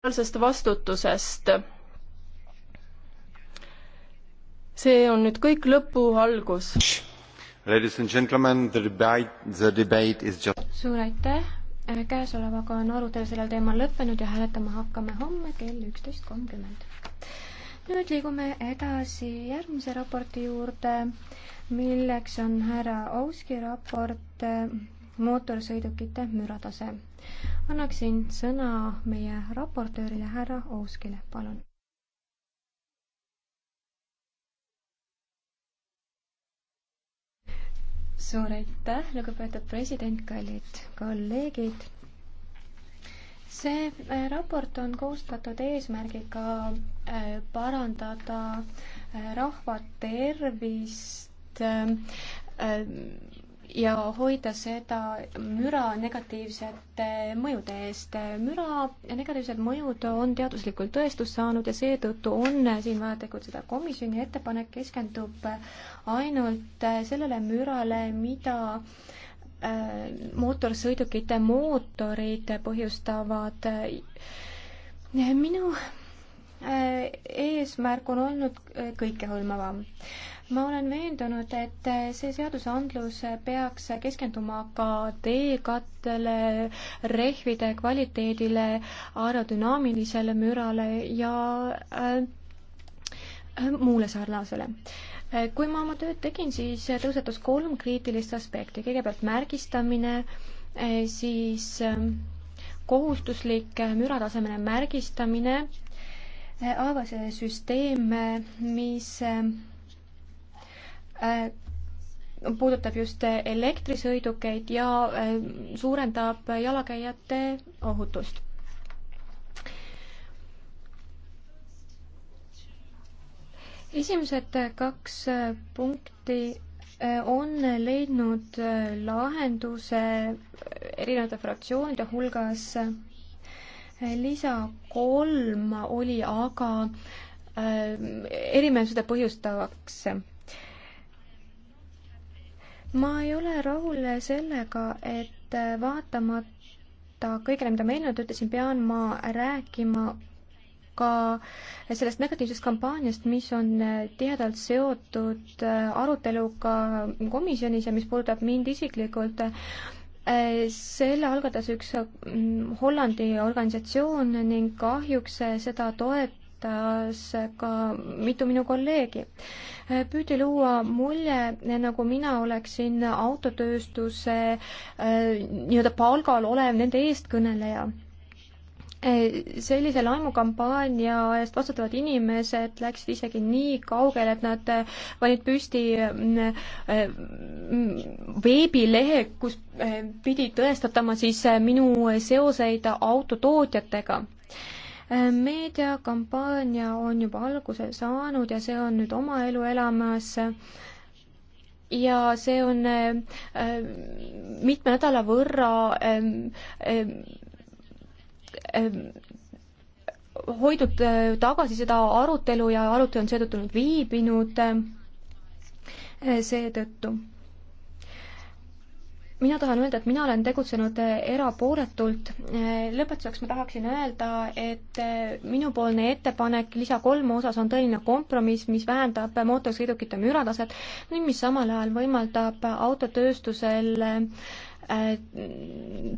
sotsiaalsest vastutusest. see on nüüd kõik lõpu algus. suur aitäh, äh, käesolevaga on arutelu sellel teemal lõppenud ja hääletama hakkame homme kell üksteist kolmkümmend. nüüd liigume edasi järgmise raporti juurde, milleks on härra Ouski raport äh, mootorsõidukite müratase. annaksin sõna meie raportöörile härra Ouskile, palun. suur aitäh, lugupeetud president, kallid kolleegid. see äh, raport on koostatud eesmärgiga äh, parandada äh, rahva tervist ja hoida seda müra negatiivsete mõjude eest. müra negatiivsed mõjud on teaduslikult tõestust saanud ja seetõttu on siin vaja tegutseda. komisjoni ettepanek keskendub ainult sellele mürale, mida äh, mootorsõidukite mootorid põhjustavad. minu äh, eesmärk on olnud kõikehõlmavam ma olen veendunud, et see seadusandlus peaks keskenduma ka teekattele, rehvide kvaliteedile, aerodünaamilisele mürale ja äh, äh muule sarnasele kui ma oma tööd tegin, siis tõusetus kolm kriitilist aspekti, kõigepealt märgistamine, äh, siis äh, kohustuslik müratasemele märgistamine, aga see süsteem, mis Äh, puudutab just elektrisõidukeid ja äh, suurendab jalakäijate ohutust. esimesed kaks äh, punkti on leidnud lahenduse erinevate fraktsioonide hulgas. lisa kolm oli aga erimeelsuste põhjustavaks ma ei ole rahul sellega, et vaatamata kõigele, mida ma eelnevalt ütlesin, pean ma rääkima ka sellest negatiivsest kampaaniast, mis on tihedalt seotud aruteluga komisjonis ja mis puudutab mind isiklikult selle algatas üks Hollandi organisatsioon ning kahjuks seda toet-, toetas ka mitu minu kolleegi. püüdi luua mulje, nagu mina oleksin autotööstuse äh, nii-öelda palgal olev nende eestkõneleja äh, sellise laimukampaania eest vastutavad inimesed läksid isegi nii kaugele, et nad äh, panid püsti mm, veebilehe, kus pidi tõestatama siis minu seoseid autotootjatega meediakampaania on juba alguse saanud ja see on nüüd oma elu elamas ja see on äh, mitme nädala võrra ähm, ähm, ähm, äh, äh, hoidnud tagasi seda arutelu ja arutelu on seetõttu nüüd viibinud äh, seetõttu mina tahan öelda, et mina olen tegutsenud äh, erapooletult. Äh, lõpetuseks ma tahaksin öelda, et äh, minupoolne ettepanek lisa kolme osas on tõeline kompromiss, mis vähendab mootorsõidukite mürataset ning mis samal ajal võimaldab autotööstusel Äh,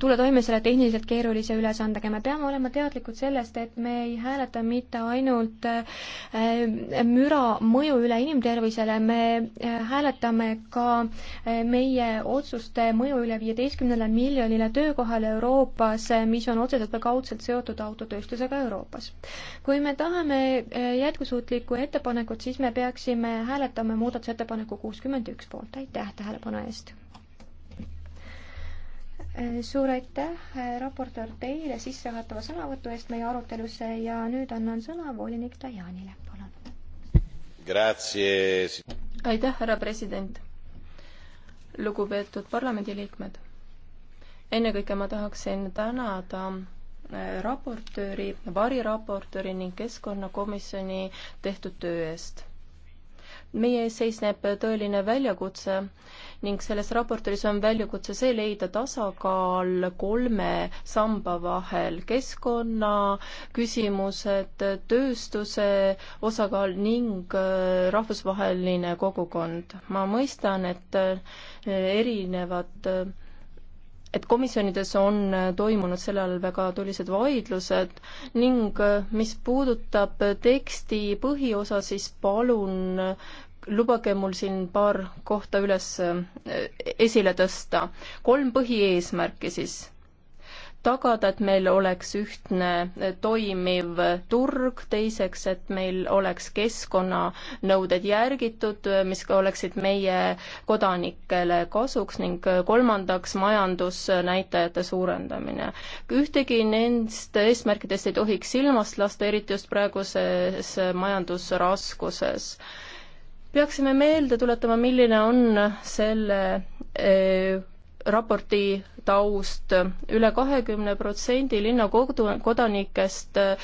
tulla toime selle tehniliselt keerulise ülesandega. me peame olema teadlikud sellest, et me ei hääleta mitte ainult äh, müra mõju üle inimtervisele, me äh, hääletame ka meie otsuste mõju üle viieteistkümnele miljonile töökohale Euroopas, mis on otseselt või kaudselt seotud autotööstusega Euroopas. kui me tahame jätkusuutlikku ettepanekut, siis me peaksime hääletama muudatusettepaneku kuuskümmend üks poolt. aitäh tähelepanu eest! Äh, suur aitäh, äh, raportöör, teile sissejuhatava sõnavõtu eest meie arutelusse ja nüüd annan sõna volinik Dajanile, palun. aitäh, härra president. lugupeetud parlamendiliikmed. ennekõike ma tahaksin tänada äh, raportööri, variraportööri ning keskkonnakomisjoni tehtud töö eest meie ees seisneb tõeline väljakutse ning selles raportis on väljakutse see leida tasakaal kolme samba vahel, keskkonna küsimused, tööstuse osakaal ning äh, rahvusvaheline kogukond. ma mõistan, et äh, erinevad äh, et komisjonides on äh, toimunud selle all väga tulised vaidlused ning äh, mis puudutab teksti põhiosa, siis palun äh, lubage mul siin paar kohta üles, esile tõsta. kolm põhieesmärki siis tagada, et meil oleks ühtne eh, toimiv turg, teiseks, et meil oleks keskkonnanõuded järgitud, eh, mis ka oleksid meie kodanikele kasuks ning eh, kolmandaks, majandusnäitajate suurendamine. ühtegi nendest eesmärkidest ei tohiks silmast lasta, eriti just praeguses majandusraskuses peaksime meelde tuletama, milline on selle raporti taust üle. üle kahekümne protsendi linna kodu-, kodanikest eh,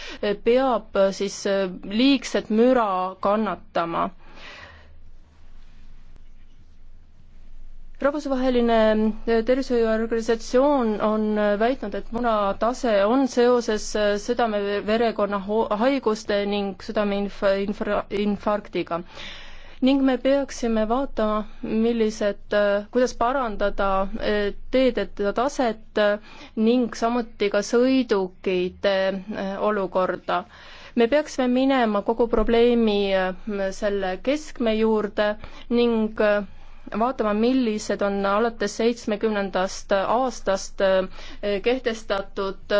peab eh, siis eh, liigset müra kannatama. rahvusvaheline tervishoiuorganisatsioon on väitnud, et munatase on seoses südame-verekonna haiguste ning südameinfarktiga. Infra, infarktiga ning me peaksime vaatama, millised, kuidas parandada eh, teedede taset eh, ning samuti ka sõidukite eh, olukorda. me peaksime minema kogu probleemi selle keskme juurde ning vaatama, millised on alates seitsmekümnendast aastast kehtestatud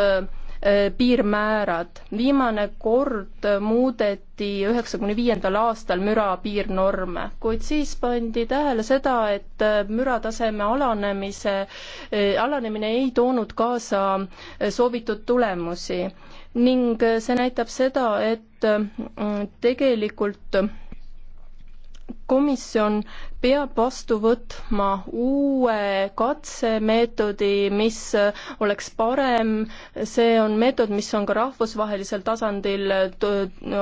Äh, piirmäärad. viimane kord muudeti üheksakümne viiendal aastal müra piirnorme, kuid siis pandi tähele seda, et äh, mürataseme alanemise, äh, alanemine ei toonud kaasa soovitud tulemusi ning see näitab seda, et tegelikult komisjon peab vastu võtma uue katsemeetodi, mis oleks parem, see on meetod, mis on ka rahvusvahelisel tasandil,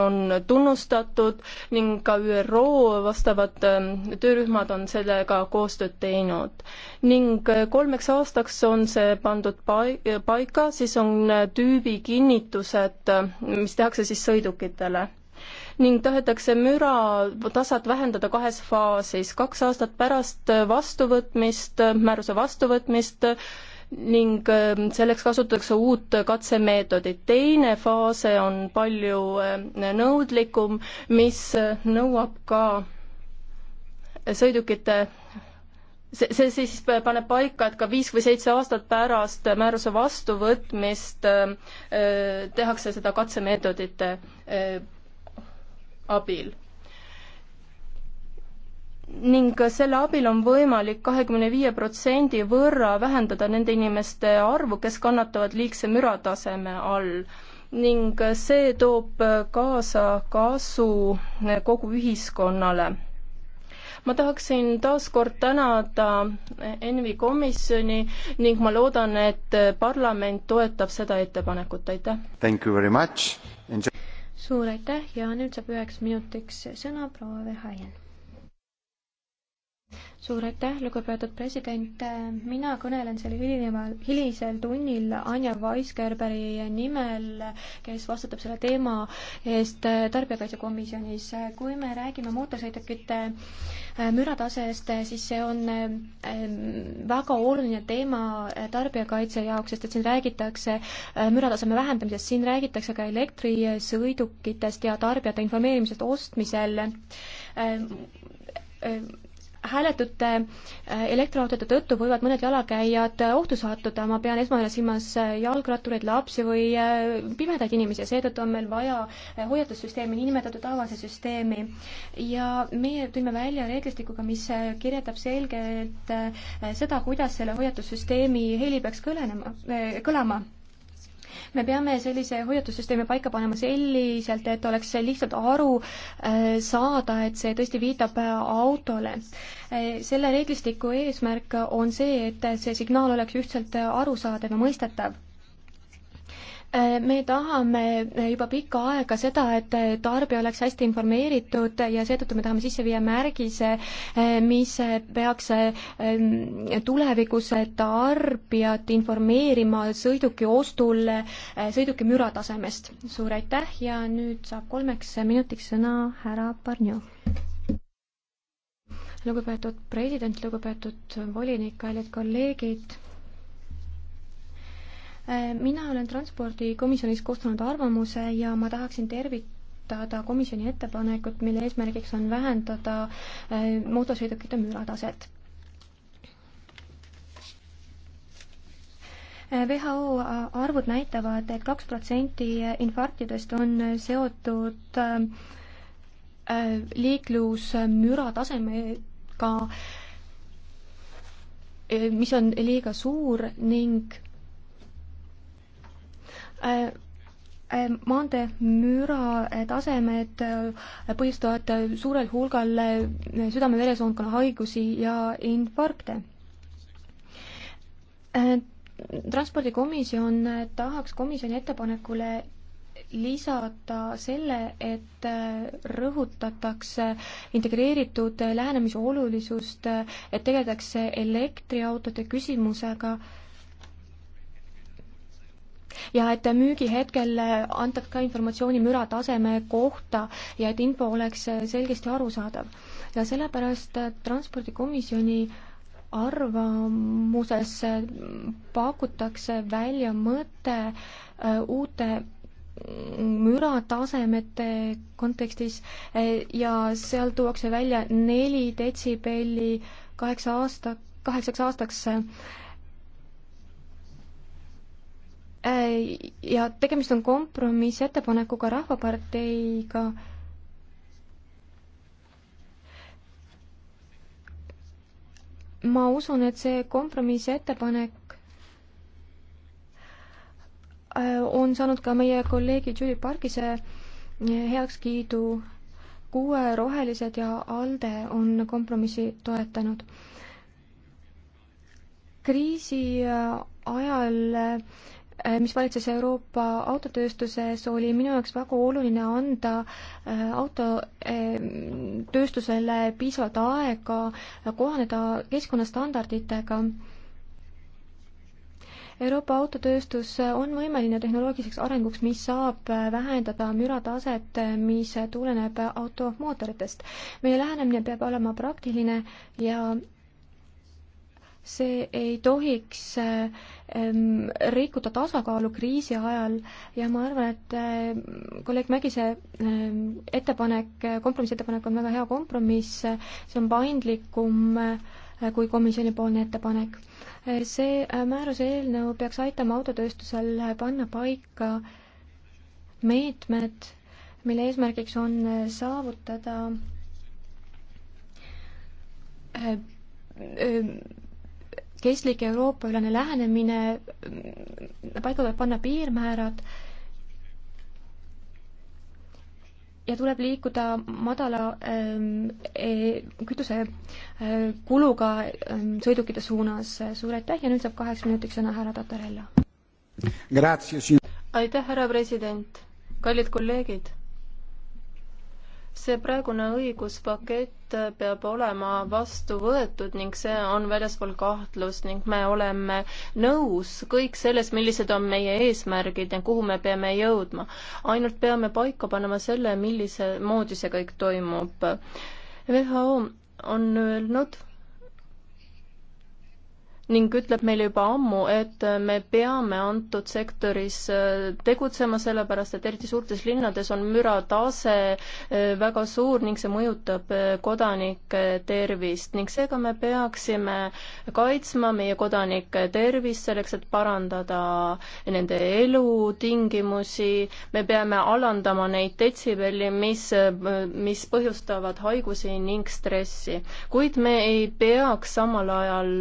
on tunnustatud ning ka ÜRO vastavad ähm, töörühmad on sellega koostööd teinud. ning äh, kolmeks aastaks on see pandud pai-, paika, siis on äh, tüübi kinnitused, äh, mis tehakse siis sõidukitele ning tahetakse müra taset vähendada kahes faasis, kaks aastat pärast vastuvõtmist, määruse vastuvõtmist ning ähm, selleks kasutatakse uut katsemeetodit. teine faase on palju äh, nõudlikum, mis äh, nõuab ka sõidukite see, see siis paneb paika, et ka viis või seitse aastat pärast määruse vastuvõtmist äh, äh tehakse seda katsemeetodite äh, abil ning selle abil on võimalik kahekümne viie protsendi võrra vähendada nende inimeste arvu, kes kannatavad liigse mürataseme all ning see toob kaasa kasu kogu ühiskonnale. ma tahaksin taas kord tänada ENVI komisjoni ning ma loodan, et parlament toetab seda ettepanekut, aitäh! Thank you very much! suur aitäh ja nüüd saab üheks minutiks sõna proua Verhaien suur aitäh, lugupeetud president, mina kõnelen sel hilineval, hilisel tunnil Anja Weisgerberi nimel, kes vastutab selle teema eest Tarbijakaitsekomisjonis. kui me räägime mootorsõidukite äh, müratasest, siis see on ähm, väga oluline teema tarbijakaitse jaoks, sest et siin räägitakse äh, mürataseme vähendamisest, siin räägitakse ka elektrisõidukitest ja tarbijate informeerimisest ostmisel äh, hääletute äh, elektriautode tõttu võivad mõned jalakäijad äh, ohtu sattuda, ma pean esmajale silmas äh, jalgrattureid, lapsi või pimedaid inimesi ja seetõttu on meil vaja hoiatussüsteemi, niinimetatud avase süsteemi. ja meie tulime välja reeglistikuga, mis kirjeldab selgelt seda, kuidas selle hoiatussüsteemi heli peaks kõlenema, kõlama me peame sellise hoiatussüsteemi paika panema selliselt, et oleks lihtsalt aru äh, saada, et see tõesti viitab äh, autole. Äh, selle reeglistiku eesmärk on see, et see signaal oleks ühtselt arusaadav ja mõistetav Äh, me tahame äh, juba pikka aega seda, et äh, tarbija oleks hästi informeeritud ja seetõttu me tahame sisse viia märgise, mis peaks ähm, tulevikus tarbijat informeerima sõiduki ostul sõiduki müratasemest. suur aitäh ja nüüd saab kolmeks minutiks sõna härra Barnjo. lugupeetud president, lugupeetud volinik, kallid kolleegid mina olen Transpordikomisjonis koostanud arvamuse ja ma tahaksin tervitada komisjoni ettepanekut, mille eesmärgiks on vähendada äh, mootorsõidukite mürataset. WHO äh, arvud näitavad et, et kaks protsenti infarktidest on seotud äh, liiklusmüra tasemega, mis on liiga suur ning Äh, äh, maanteemüra äh, tasemed põhjustavad suurel hulgal südame-veresoonkonna haigusi ja infarkte. transpordikomisjon tahaks komisjoni ettepanekule lisada selle, et rõhutatakse integreeritud lähenemise olulisust, et tegeldakse elektriautode küsimusega ja et müügihetkel antaks ka informatsiooni mürataseme kohta ja et info oleks selgesti arusaadav. ja sellepärast Transpordikomisjoni arvamuses pakutakse välja mõte äh, uute müratasemete kontekstis äh, ja seal tuuakse välja neli detsibelli kaheksa aasta, kaheksaks aastaks äh, Äh, ja tegemist on kompromissettepanekuga Rahvaparteiga. ma usun, et see kompromissettepanek äh, on saanud ka meie kolleegi Julie Parkise äh, heakskiidu. kuue rohelised ja ALDE on kompromissi toetanud. kriisi ajal äh, Äh, mis valitses Euroopa autotööstuses, oli minu jaoks väga oluline anda äh, autotööstusele äh, piisavalt aega kohaneda keskkonnastandarditega. Euroopa autotööstus on võimeline tehnoloogiliseks arenguks, mis saab vähendada mürataset, mis tuleneb automootoritest. meie lähenemine peab olema praktiline ja see ei tohiks ähm, rikkuda tasakaalu kriisi ajal ja ma arvan, et äh, kolleeg Mägise ähm, ettepanek, kompromissettepanek on väga hea kompromiss, see on paindlikum äh, kui komisjonipoolne ettepanek. Äh, see äh, määruse eelnõu peaks aitama autotööstusel äh, panna paika meetmed, mille eesmärgiks on äh, saavutada äh, kestlik Euroopa-ülene lähenemine, mm, paika tuleb panna piirmäärad ja tuleb liikuda madala ähm, e, kütusekuluga äh, ähm, sõidukite suunas. suur aitäh ja nüüd saab kaheks minutiks sõna härra Tatarella. aitäh, härra president, kallid kolleegid see praegune õiguspakett peab olema vastu võetud ning see on väljaspool kahtlust ning me oleme nõus kõik selles, millised on meie eesmärgid ja kuhu me peame jõudma. ainult peame paika panema selle, millise moodi see kõik toimub. WHO on öelnud, ning ütleb meile juba ammu, et me peame antud sektoris äh, tegutsema, sellepärast et eriti suurtes linnades on müratase äh, väga suur ning see mõjutab äh, kodanike tervist ning seega me peaksime kaitsma meie kodanike tervist selleks, et parandada nende elutingimusi, me peame alandama neid detsibelli, mis, mis põhjustavad haigusi ning stressi. kuid me ei peaks samal ajal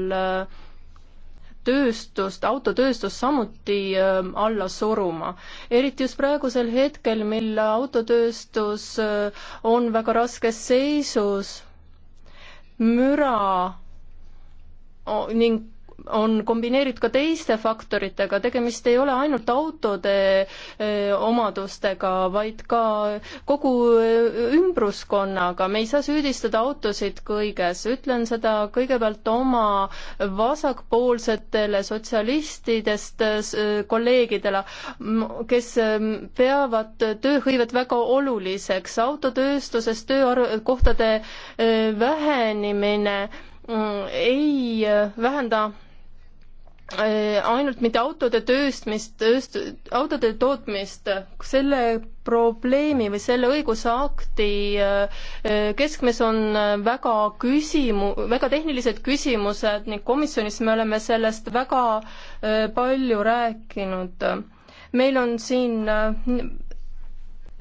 tööstust, autotööstust samuti ähm, alla suruma. eriti just praegusel hetkel, mil autotööstus äh, on väga raskes seisus, müra ning on kombineeritud ka teiste faktoritega, tegemist ei ole ainult autode eh, omadustega, vaid ka kogu eh, ümbruskonnaga, me ei saa süüdistada autosid kõiges, ütlen seda kõigepealt oma vasakpoolsetele sotsialistidest eh, kolleegidele, kes peavad tööhõivet väga oluliseks, autotööstuses töökohtade vähenemine mm, ei vähenda Äh, ainult mitte autode tööstmist, tööst-, autode tootmist, selle probleemi või selle õigusakti äh, äh, keskmes on väga küsimu-, väga tehnilised küsimused ning komisjonis me oleme sellest väga palju rääkinud. meil on siin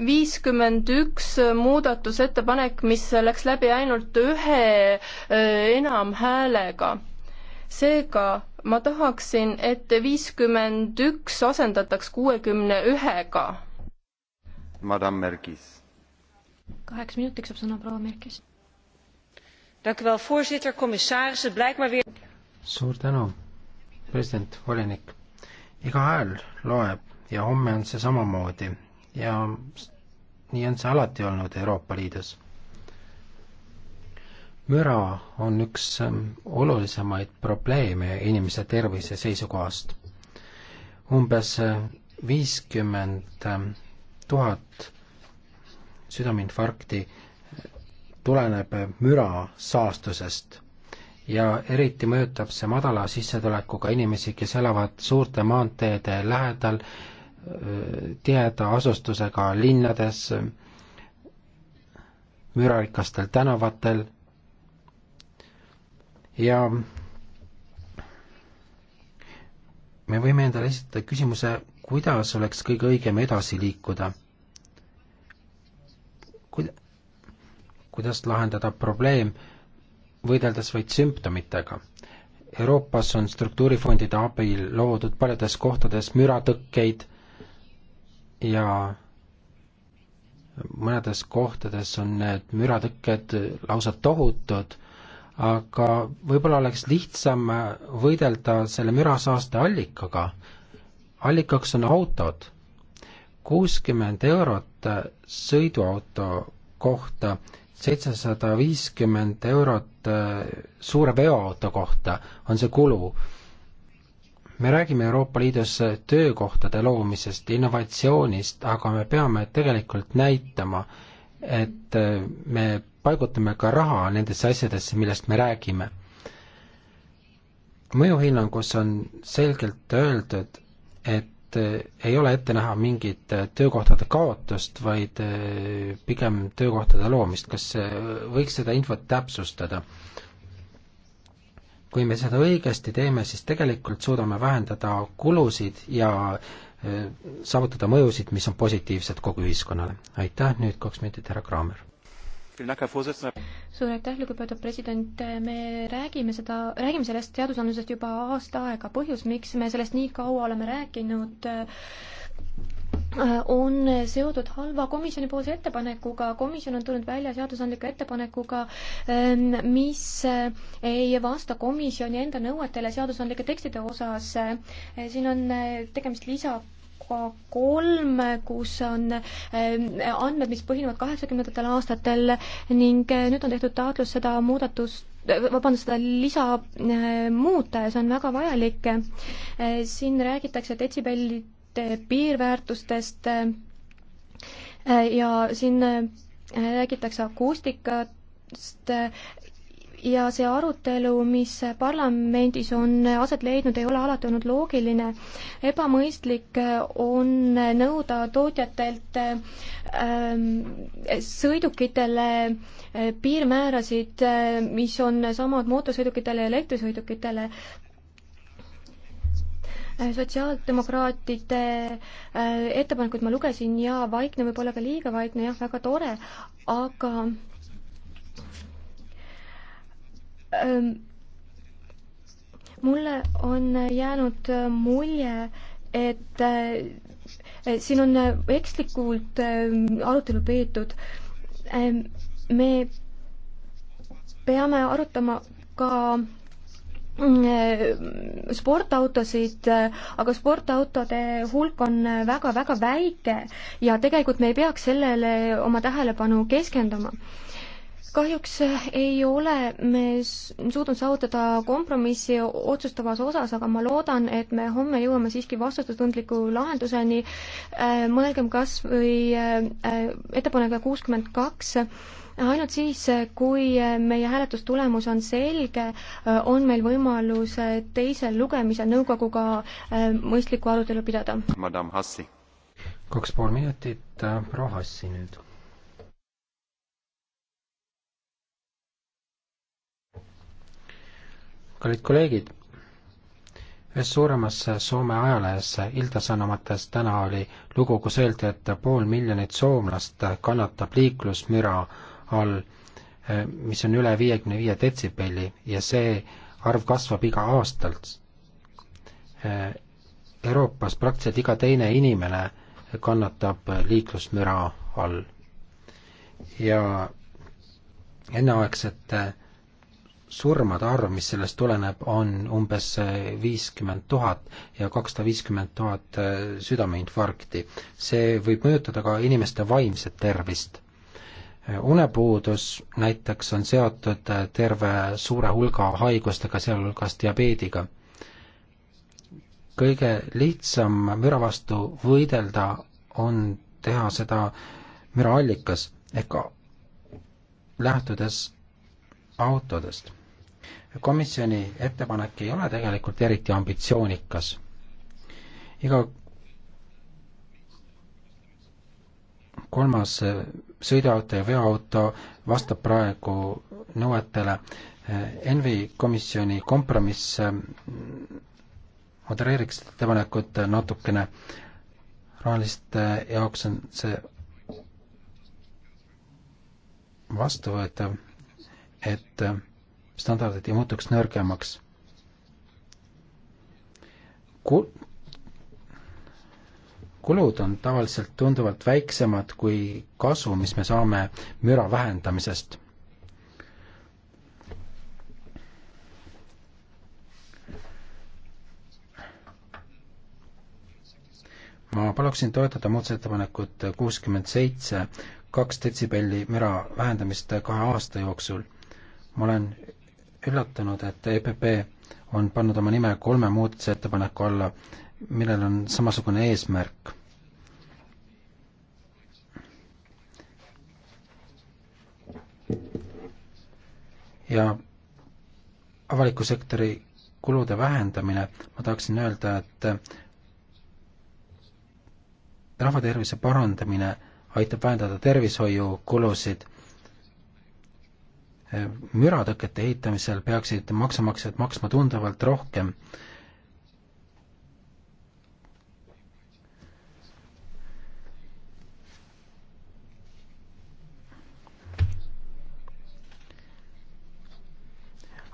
viiskümmend üks muudatusettepanek, mis läks läbi ainult ühe enamhäälega. seega ma tahaksin, et viiskümmend üks asendataks kuuekümne ühega. Madame Merkis. kaheks minutiks saab sõna proua Merkis. suur tänu, president, volinik. iga hääl loeb ja homme on see samamoodi ja nii on see alati olnud Euroopa Liidus müra on üks ähm, olulisemaid probleeme inimese tervise seisukohast. umbes äh, viiskümmend ähm, tuhat südameinfarkti äh, tuleneb äh, müra saastusest ja eriti mõjutab see madala sissetulekuga inimesi, kes elavad suurte maanteede lähedal, tiheda asustusega linnades, mürarikastel tänavatel ja me võime endale esitada küsimuse, kuidas oleks kõige õigem edasi liikuda. kuida-, kuidas lahendada probleem, võideldes vaid sümptomitega. Euroopas on struktuurifondide abil loodud paljudes kohtades müratõkkeid ja mõnedes kohtades on need müratõkked lausa tohutud aga võib-olla oleks lihtsam võidelda selle mürasaaste allikaga. allikaks on autod. kuuskümmend eurot sõiduauto kohta, seitsesada viiskümmend eurot eh, suure veoauto kohta on see kulu. me räägime Euroopa Liidus töökohtade loomisest, innovatsioonist, aga me peame tegelikult näitama, et eh, me paigutame ka raha nendesse asjadesse, millest me räägime. mõjuhinnangus on selgelt öeldud, et eh, ei ole ette näha mingit eh, töökohtade kaotust, vaid eh, pigem töökohtade loomist. kas võiks seda infot täpsustada? kui me seda õigesti teeme, siis tegelikult suudame vähendada kulusid ja saavutada mõjusid, mis on positiivsed kogu ühiskonnale. aitäh, nüüd kaks minutit, härra Kraamer suur aitäh, lugupeetud president, me räägime seda, räägime sellest seadusandlusest juba aasta aega, põhjus, miks me sellest nii kaua oleme rääkinud, on seotud halva komisjonipoolse ettepanekuga, komisjon on tulnud välja seadusandliku ettepanekuga, mis ei vasta komisjoni enda nõuetele seadusandlike tekstide osas. siin on tegemist lisa kolm, kus on eh, andmed, mis põhinevad kaheksakümnendatel aastatel ning eh, nüüd on tehtud taotlus seda muudatust eh, vabandust, seda lisa muuta ja see on väga vajalik. siin räägitakse detsibellide piirväärtustest ja siin räägitakse akustikast ja see arutelu, mis parlamendis on aset leidnud, ei ole alati olnud loogiline. ebamõistlik on nõuda tootjatelt ähm, sõidukitele äh, piirmäärasid, äh, mis on samad mootorsõidukitele ja elektrisõidukitele äh, sotsiaaldemokraatide ettepanekuid ma lugesin ja vaikne, võib-olla ka liiga vaikne, jah, väga tore, aga mulle on jäänud äh, mulje, äh, et siin on äh, ekslikult ähm, arutelu peetud. me peame arutama ka mm, sportautosid, aga sportautode hulk on väga-väga väike ja tegelikult me ei peaks sellele oma tähelepanu keskenduma kahjuks ei ole me suutnud saavutada kompromissi otsustavas osas, aga ma loodan, et me homme jõuame siiski vastutustundliku lahenduseni. Äh, mõelgem kas või äh, äh, ettepanekuga kuuskümmend kaks ainult siis, kui meie hääletustulemus on selge, on meil võimalus teisel lugemisel nõukoguga mõistlikku arutelu pidada. kaks pool minutit, proua Hassi nüüd kallid kolleegid, ühes suuremas Soome ajalehes Iltasanomates täna oli lugu, kus öeldi, et pool miljonit soomlast kannatab liiklusmüra all, eh, mis on üle viiekümne viie detsibelli ja see arv kasvab iga aastalt. Eh, Euroopas praktiliselt iga teine inimene kannatab liiklusmüra all. ja enneaegsete surmade arv, mis sellest tuleneb, on umbes viiskümmend tuhat ja kakssada viiskümmend tuhat äh, südameinfarkti. see võib mõjutada ka inimeste vaimset tervist. Äh, unepuudus näiteks on seotud äh, terve suure hulga haigustega, sealhulgas diabeediga. kõige lihtsam müra vastu võidelda on teha seda müraallikas ehk lähtudes autodest komisjoni ettepanek ei ole tegelikult eriti ambitsioonikas. iga kolmas sõiduauto ja veoauto vastab praegu nõuetele. Envi komisjoni kompromiss modereeriks seda ettepanekut natukene. rahaliste jaoks on see vastuvõetav, et standardid ei muutuks nõrgemaks. Ku-, kulud on tavaliselt tunduvalt väiksemad kui kasu, mis me saame müra vähendamisest. ma paluksin toetada muudatusettepanekut kuuskümmend seitse, kaks detsibelli müra vähendamist kahe aasta jooksul. ma olen üllatunud, et EPP on pannud oma nime kolme muudatusettepaneku alla, millel on samasugune eesmärk. ja avaliku sektori kulude vähendamine, ma tahaksin öelda, et rahvatervise parandamine aitab vähendada tervishoiukulusid müratõkete ehitamisel peaksid maksumaksjad maksma tunduvalt rohkem.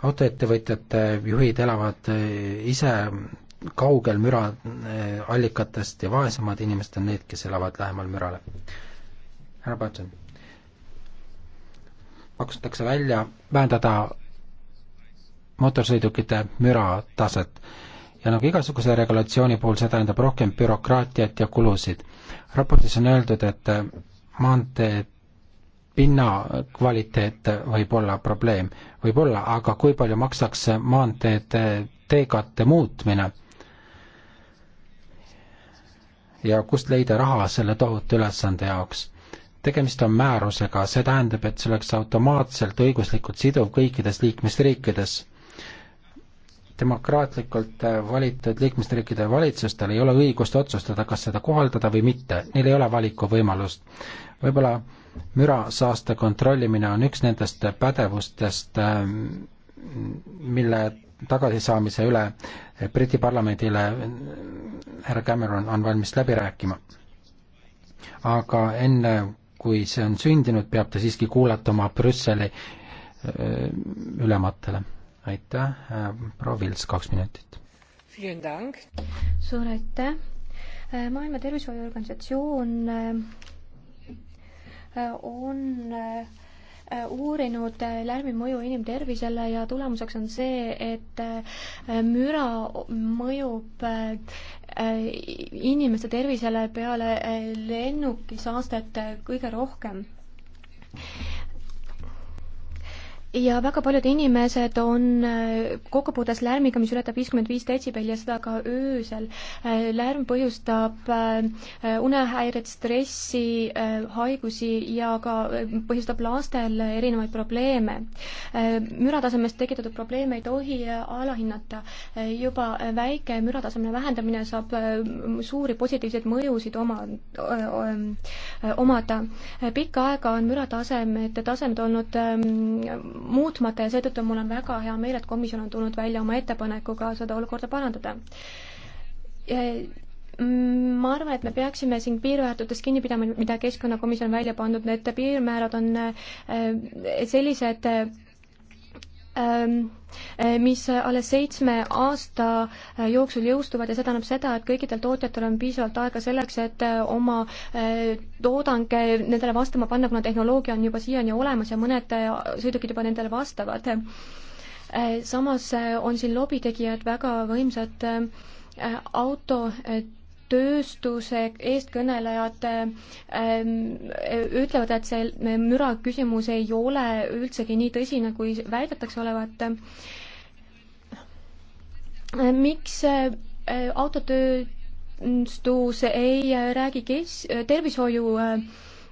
autoettevõtjate juhid elavad ise kaugel müraallikatest ja vaesemad inimesed on need, kes elavad lähemal mürale. härra Patson maksutakse välja, vähendada mootorsõidukite mürataset. ja nagu igasuguse regulatsiooni puhul, see tähendab rohkem bürokraatiat ja kulusid. raportis on öeldud, et maantee pinna kvaliteet võib olla probleem, võib-olla, aga kui palju maksaks maanteede teekatte muutmine? ja kust leida raha selle tohutu ülesande jaoks? tegemist on määrusega, see tähendab, et see oleks automaatselt õiguslikult siduv kõikides liikmesriikides. demokraatlikult valitud liikmesriikide valitsustel ei ole õigust otsustada, kas seda kohaldada või mitte, neil ei ole valikuvõimalust. võib-olla mürasaaste kontrollimine on üks nendest pädevustest, mille tagasisaamise üle Briti parlamendile härra Cameron on valmis läbi rääkima. aga enne, kui see on sündinud, peab ta siiski kuulata oma Brüsseli äh, ülematele. aitäh, äh, proua Vils, kaks minutit. suur aitäh. Äh, maailma Tervishoiuorganisatsioon on, on uurinud äh, lärmi mõju inimtervisele ja tulemuseks on see, et äh, müra mõjub äh, inimeste tervisele peale lennukisaastet kõige rohkem ja väga paljud inimesed on äh, kokkupuudes lärmiga, mis ületab viiskümmend viis detsibelli ja seda ka öösel. Äh, lärm põhjustab äh, unehäired, stressi, haigusi ja ka põhjustab lastel erinevaid probleeme. müratasemest tekitatud probleeme ei tohi alahinnata. juba väike müratasemele vähendamine saab suuri positiivseid mõjusid oma, omada. pikka aega on müratasemed, tasemed olnud ähm, muutmata ja seetõttu mul on väga hea meel, et komisjon on tulnud välja oma ettepanekuga seda olukorda parandada mm, ma arvan, et me peaksime siin piirväärtutest kinni pidama, mida Keskkonnakomisjon välja pandud, need piirmäärad on äh, sellised äh, Ähm, äh, mis alles seitsme aasta äh, jooksul jõustuvad ja see tähendab seda, et kõikidel tootjatel on piisavalt aega selleks, et äh, oma toodang nendele vastama panna, kuna tehnoloogia on juba siiani olemas ja mõned sõidukid juba nendele vastavad. samas on siin lobitegijad väga võimsad autod, tööstuse eestkõnelejad ähm, ütlevad, et see müra küsimus ei ole üldsegi nii tõsine, kui väidetakse olevat. miks äh, autotööstus ei räägi kes-, tervishoiu äh,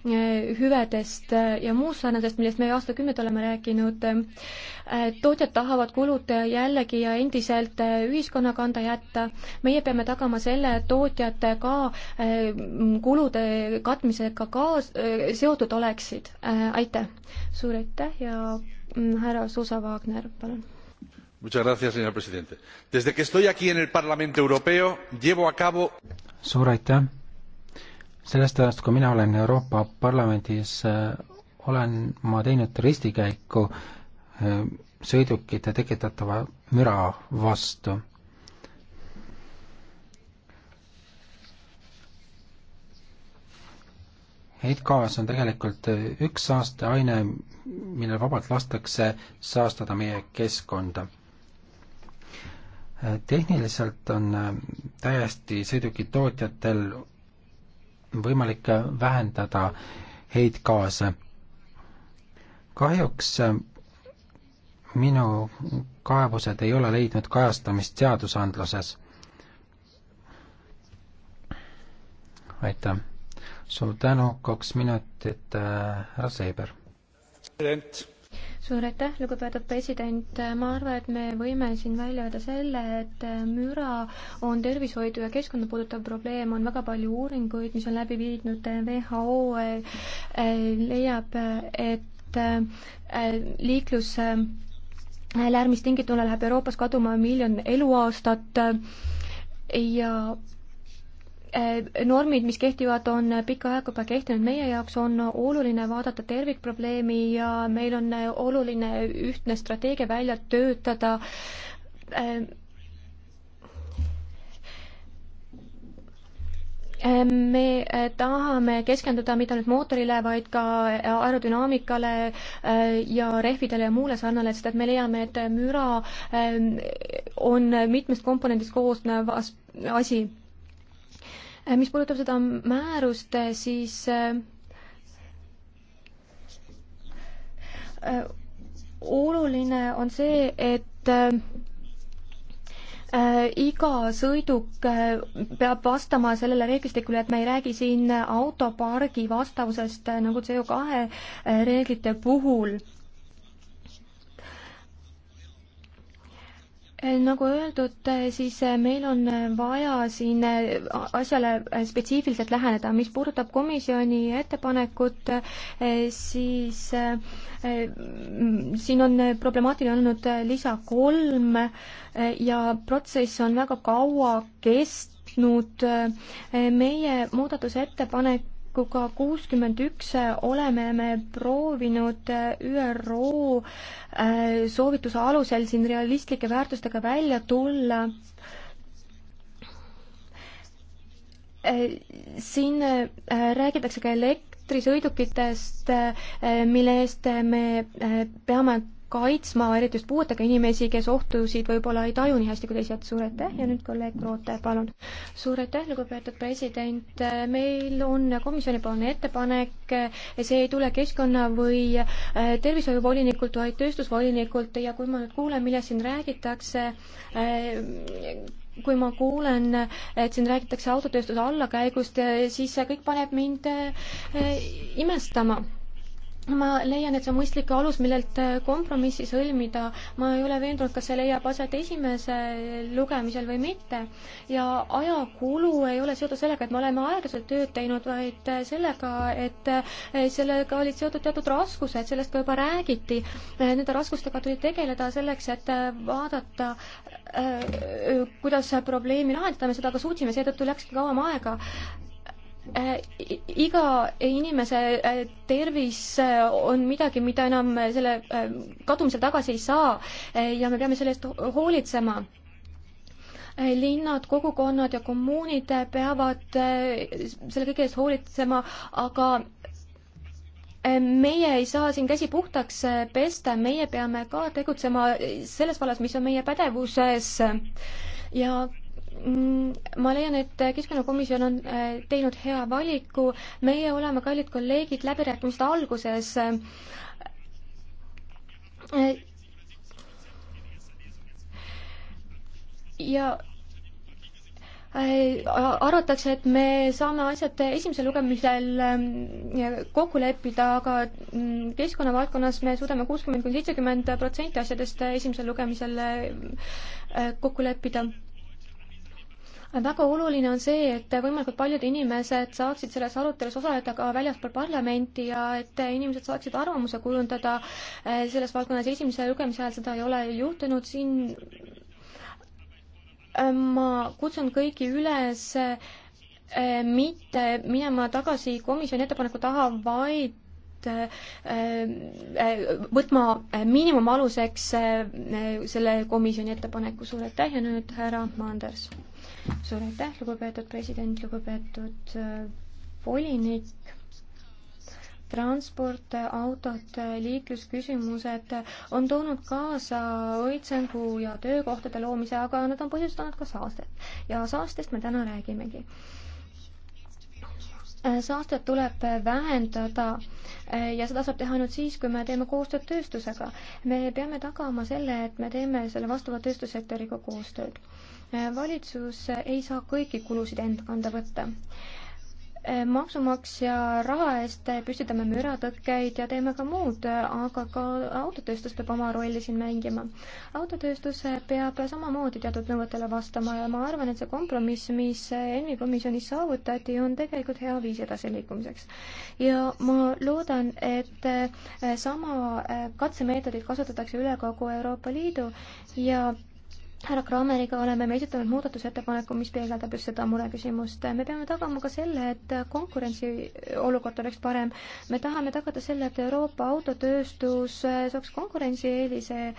hüvedest ja muust sarnasest, millest me aastakümneid oleme rääkinud. tootjad tahavad kulud jällegi ja endiselt ühiskonna kanda jätta. meie peame tagama selle, et tootjad ka mm, kulude katmisega kaas-, äh, seotud oleksid. Äh, aitäh! suur aitäh ja mm, härra Zusa Wagner, palun! señor presidente desde que estoy aquí en el parlamento europeo llevo a cabo suur aitäh sellest ajast, kui mina olen Euroopa Parlamendis, äh, olen ma teinud ristikäiku äh, sõidukite tekitatava müra vastu. heitgaas on tegelikult äh, üks saasteaine, millel vabalt lastakse saastada meie keskkonda tehniliselt on täiesti sõidukitootjatel võimalik vähendada heitgaase. kahjuks minu kaebused ei ole leidnud kajastamist seadusandluses. aitäh. suur tänu, kaks minutit, äh, härra Seeber. president suur aitäh, lugupeetud president, ma arvan, et me võime siin välja öelda selle, et müra on tervishoidu ja keskkonda puudutav probleem, on väga palju uuringuid, mis on läbi viidud, WHO eh, eh, leiab, et eh, liiklus lärmist tingituna läheb Euroopas kaduma miljon eluaastat ja Äh, normid, mis kehtivad, on pikka aega juba kehtinud, meie jaoks on oluline vaadata tervikprobleemi ja meil on oluline ühtne strateegia välja töötada. Ähm, ähm, me äh, tahame keskenduda mitte ainult mootorile, vaid ka aerodünaamikale äh, ja rehvidele ja muule sarnale, sest et me leiame, et müra ähm, on mitmest komponendist koosnev asi Äh, mis puudutab seda määrust, äh, siis äh, oluline on see, et äh, iga sõiduk äh, peab vastama sellele reeglistikule, et me ei räägi siin autopargi vastavusest äh, nagu CO2 äh, reeglite puhul nagu öeldud, eh, siis eh, meil on eh, vaja siin asjale spetsiifiliselt läheneda, mis puudutab komisjoni ettepanekut, siis mm, siin on problemaatiline olnud lisa kolm ja protsess on väga kaua kestnud. meie muudatusettepanek ettepanekuga kuuskümmend üks oleme me proovinud ÜRO äh, soovituse alusel siin realistlike väärtustega välja tulla äh, siin äh, räägitakse ka elektrisõidukitest, mille eest me peame kaitsma eriti just puuetega inimesi, kes ohtusid võib-olla ei taju nii hästi kui teised. suur aitäh ja nüüd kolleeg Roote, palun. suur aitäh, lugupeetud president. meil on komisjonipoolne ettepanek, see ei tule keskkonna või äh, tervishoiuvolinikult, vaid tööstusvolinikult ja kui ma nüüd kuulen, millest siin räägitakse, äh, kui ma kuulen, et siin räägitakse autotööstuse allakäigust, äh, siis see kõik paneb mind imestama ma leian, et see on mõistlik alus, millelt äh, kompromissi sõlmida. ma ei ole veendunud, kas see leiab aset esimesel lugemisel või mitte. ja ajakulu ei ole seotud sellega, et me oleme aeglaselt tööd teinud, vaid äh, sellega, et äh, sellega olid seotud teatud raskused, sellest ka juba räägiti. Nende raskustega tuli tegeleda selleks, et vaadata, kuidas probleemi lahendada, me seda ka suutsime, seetõttu läkski kauem aega Äh, iga inimese äh, tervis äh, on midagi, mida enam selle kadumisel tagasi ei saa ja me peame selle eest hoolitsema. linnad, kogukonnad ja kommuunid peavad selle kõige eest hoolitsema, aga meie ei saa siin käsi puhtaks pesta, meie peame ka tegutsema selles vallas, mis on meie pädevuses ja Mm, ma leian, et Keskkonnakomisjon on äh, teinud hea valiku, meie oleme, kallid kolleegid, läbirääkimiste alguses äh, ja äh, arvatakse, et me saame asjad esimesel lugemisel ähm, kokku leppida, aga mm, keskkonnavaldkonnas me suudame kuuskümmend kuni seitsekümmend protsenti asjadest esimesel lugemisel kokku leppida väga oluline on see, et võimalikult paljud inimesed saaksid selles arutelus osaleda ka väljaspool parlamenti ja et inimesed saaksid arvamuse kujundada eh, selles valdkonnas. esimese lugemise ajal seda ei ole juhtunud, siin eh, ma kutsun kõiki üles eh, mitte minema tagasi komisjoni ettepaneku taha, vaid võtma miinimumaluseks selle komisjoni ettepaneku. suur aitäh ja nüüd härra Manders suur aitäh, lugupeetud president, lugupeetud äh, volinik transport, äh, autod, äh, liiklusküsimused on toonud kaasa õitsengu ja töökohtade loomise, aga nad on põhjustanud ka saastet. ja saastest me täna räägimegi. saastet tuleb vähendada Äh, ja seda saab teha ainult siis, kui me teeme koostööd tööstusega. me peame tagama selle, et me teeme selle vastava tööstussektoriga koostööd. Äh, valitsus ei saa kõiki kulusid enda kanda võtta Äh, maksumaksja raha eest püstitame müratõkkeid ja teeme ka muud, äh, aga ka autotööstus peab oma rolli siin mängima. autotööstus äh, peab samamoodi teatud nõuetele vastama ja ma arvan, et see kompromiss, mis ENMi komisjonis saavutati, on tegelikult hea viis edasiliikumiseks. ja ma loodan, et sama katsemeetodit kasutatakse üle kogu Euroopa Liidu ja härra Krammeriga oleme me esitanud muudatusettepaneku, mis peegeldab just seda mureküsimust. me peame tagama ka selle, et konkurentsi olukord oleks parem. me tahame tagada selle, et Euroopa autotööstus saaks konkurentsieelise.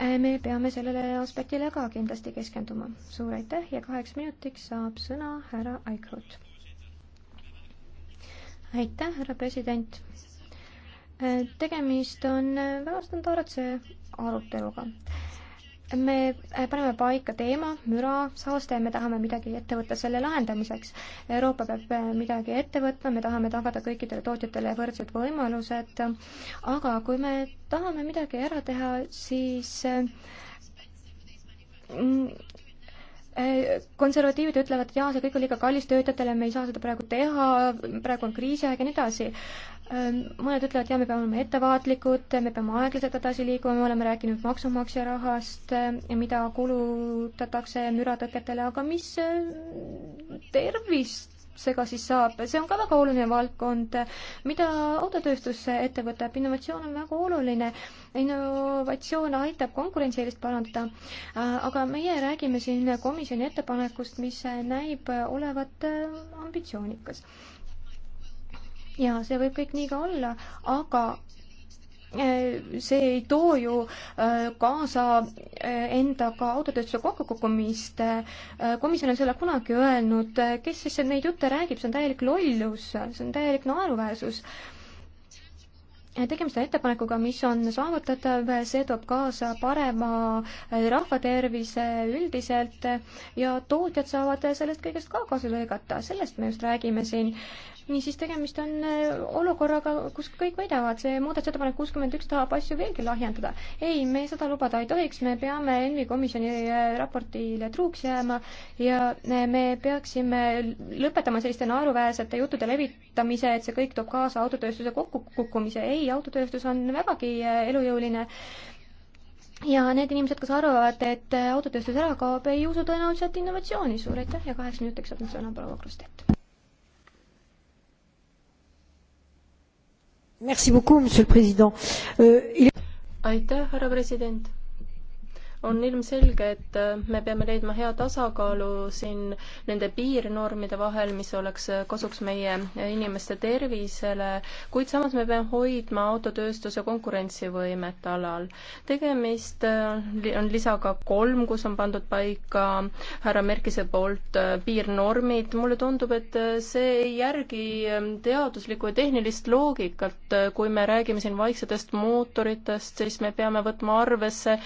me peame sellele aspektile ka kindlasti keskenduma. suur aitäh ja kaheks minutiks saab sõna härra Aikrut. aitäh, härra president. tegemist on väga standardse aruteluga me äh, paneme paika teema, müra, saaste, me tahame midagi ette võtta selle lahendamiseks. Euroopa peab äh, midagi ette võtma, me tahame tagada kõikidele tootjatele võrdsed võimalused, aga kui me tahame midagi ära teha, siis äh, mm, konservatiivid ütlevad, et jaa, see kõik on liiga kallis töötajatele, me ei saa seda praegu teha, praegu on kriisiaeg ja nii edasi. Ehm, mõned ütlevad, jah, me peame olema ettevaatlikud, me peame aeglaselt edasi liikuma, me oleme rääkinud maksumaksja rahast, mida kulutatakse müratõketele, aga mis ehm, tervisega siis saab, see on ka väga oluline valdkond, mida autotööstus ette võtab, innovatsioon on väga oluline, innovatsioon aitab konkurentsieelist parandada, äh, aga meie räägime siin komisjoni ettepanekust, mis näib olevat ehm, ambitsioonikas ja see võib kõik nii ka olla, aga äh, see ei too ju äh, kaasa äh, endaga autotööstuse kokkukukkumist. komisjon on selle kunagi öelnud, kes siis neid jutte räägib, see on täielik lollus, see on täielik naeruväärsus tegemist on ettepanekuga, mis on saavutatav, see toob kaasa parema äh, rahvatervise üldiselt ja tootjad saavad sellest kõigest ka kasu lõigata, sellest me just räägime siin. niisiis, tegemist on äh, olukorraga, kus kõik võidavad, see muudatusettepanek kuuskümmend üks tahab asju veelgi lahjendada. ei, me seda lubada ei tohiks, me peame ENVI komisjoni äh, raportile truuks jääma ja me peaksime lõpetama selliste naeruväärsete juttude levitamise, et see kõik toob kaasa autotööstuse kokkukukkumise, ei, ei, autotööstus on vägagi äh, elujõuline ja need inimesed, kes arvavad, et äh, autotööstus ära kaob, ei usu tõenäoliselt innovatsiooni. suur aitäh ja kaheks minutiks saab nüüd sõna proua Krustet. Euh, aitäh, härra president on ilmselge, et äh, me peame leidma hea tasakaalu siin nende piirnormide vahel, mis oleks äh, kasuks meie äh, inimeste tervisele, kuid samas me peame hoidma autotööstuse konkurentsivõimet alal. tegemist on lisaga kolm, kus on pandud paika härra Merkise poolt piirnormid, mulle tundub, et see ei järgi teaduslikku ja tehnilist loogikat, kui me räägime siin vaiksetest mootoritest, siis me peame võtma arvesse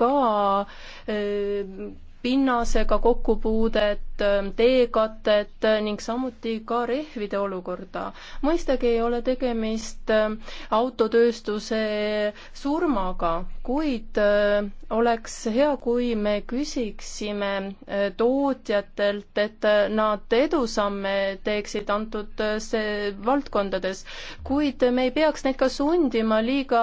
ka maa äh, pinnasega kokkupuudet, äh, teekatet äh, ning samuti ka rehvide olukorda. mõistagi ei ole tegemist autotööstuse surmaga, kuid äh, oleks hea, kui me küsiksime äh, tootjatelt, et äh, nad edusamme teeksid antud valdkondades, kuid me ei peaks neid ka sundima liiga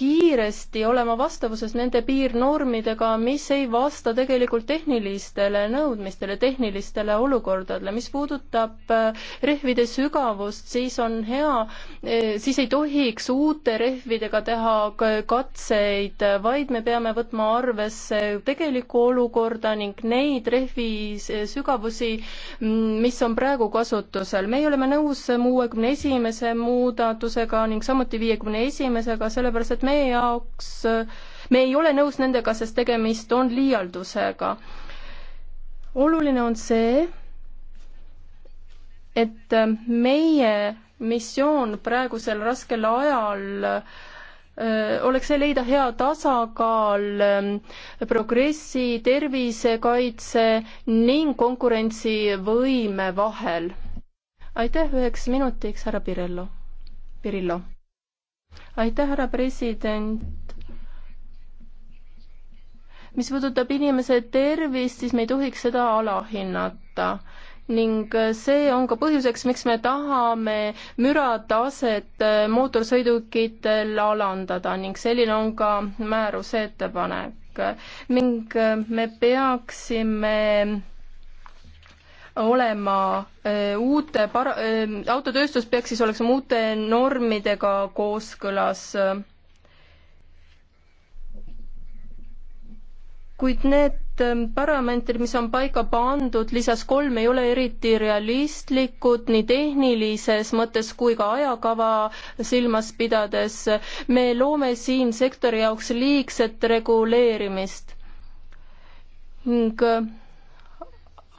kiiresti olema vastavuses nende piirnormidega, mis ei vasta tegelikult tehnilistele nõudmistele, tehnilistele olukordadele. mis puudutab rehvide sügavust, siis on hea, siis ei tohiks uute rehvidega teha katseid reegleid, vaid me peame võtma arvesse tegelikku olukorda ning neid rehvi sügavusi, mis on praegu kasutusel. meie oleme nõus kuuekümne esimese muudatusega ning samuti viiekümne esimesega, sellepärast et meie jaoks, me ei ole nõus nendega, sest tegemist on liialdusega. oluline on see, et meie missioon praegusel raskel ajal äh, oleks see leida hea tasakaal progressi, tervisekaitse ning konkurentsivõime vahel. aitäh üheks minutiks, härra Pirello, Pirillo. aitäh, härra president mis puudutab inimese tervist, siis me ei tohiks seda alahinnata ning äh, see on ka põhjuseks, miks me tahame mürataset äh, mootorsõidukitel alandada ning selline on ka määruse ettepanek ning äh, me peaksime olema uute par-, autotööstus peaks siis olema uute normidega kooskõlas kuid need ähm, parameetrid, mis on paika pandud lisas kolm, ei ole eriti realistlikud nii tehnilises mõttes kui ka ajakava silmas pidades. me loome siin sektori jaoks liigset reguleerimist ning äh,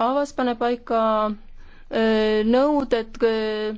avas paneb paika äh, nõuded äh,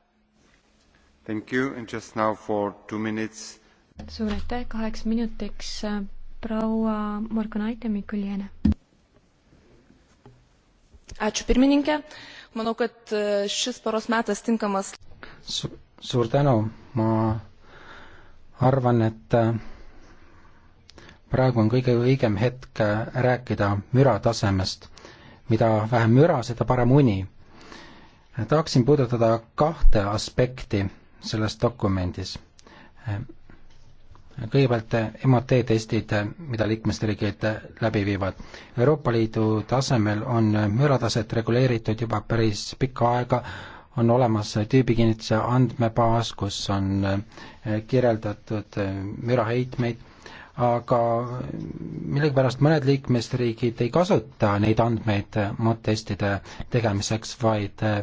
suur aitäh, kaheks minutiks äh, proua Morganaite Mikuljene. ačiū pirmininkė, manau, kad äh, šis paros metas tinkamas Su. suur tänu, ma arvan, et äh, praegu on kõige õigem hetk rääkida müra tasemest. mida vähem müra, seda parem uni. tahaksin puudutada kahte aspekti selles dokumendis. kõigepealt MOT testid, mida liikmesriigid läbi viivad. Euroopa Liidu tasemel on mürataset reguleeritud juba päris pikka aega, on olemas tüübikinnituse andmebaas, kus on kirjeldatud müraheitmeid aga millegipärast mõned liikmesriigid ei kasuta neid andmeid moodtestide tegemiseks, vaid äh,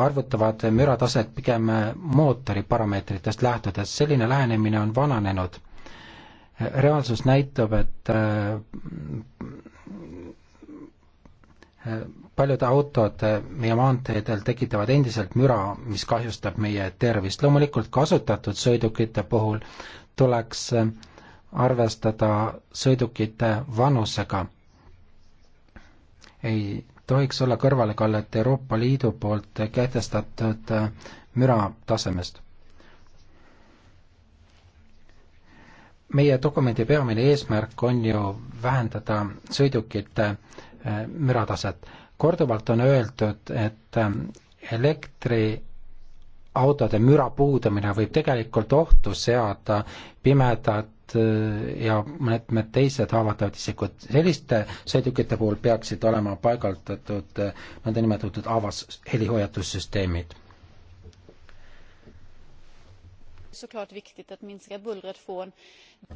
arvutavad mürataset pigem äh, mootori parameetritest lähtudes, selline lähenemine on vananenud. reaalsus näitab, et äh, paljud autod meie maanteedel tekitavad endiselt müra, mis kahjustab meie tervist. loomulikult kasutatud sõidukite puhul tuleks arvestada sõidukite vanusega. ei tohiks olla kõrvalekallet Euroopa Liidu poolt kehtestatud äh, müra tasemest. meie dokumendi peamine eesmärk on ju vähendada sõidukite äh, mürataset. korduvalt on öeldud, et äh, elektri autode müra puudumine võib tegelikult ohtu seada pimedad Äh, ja mõned, mõned teised haavatavad isikud. selliste sõidukite puhul peaksid olema paigaldatud äh, nõndanimetatud avas helihoiatussüsteemid.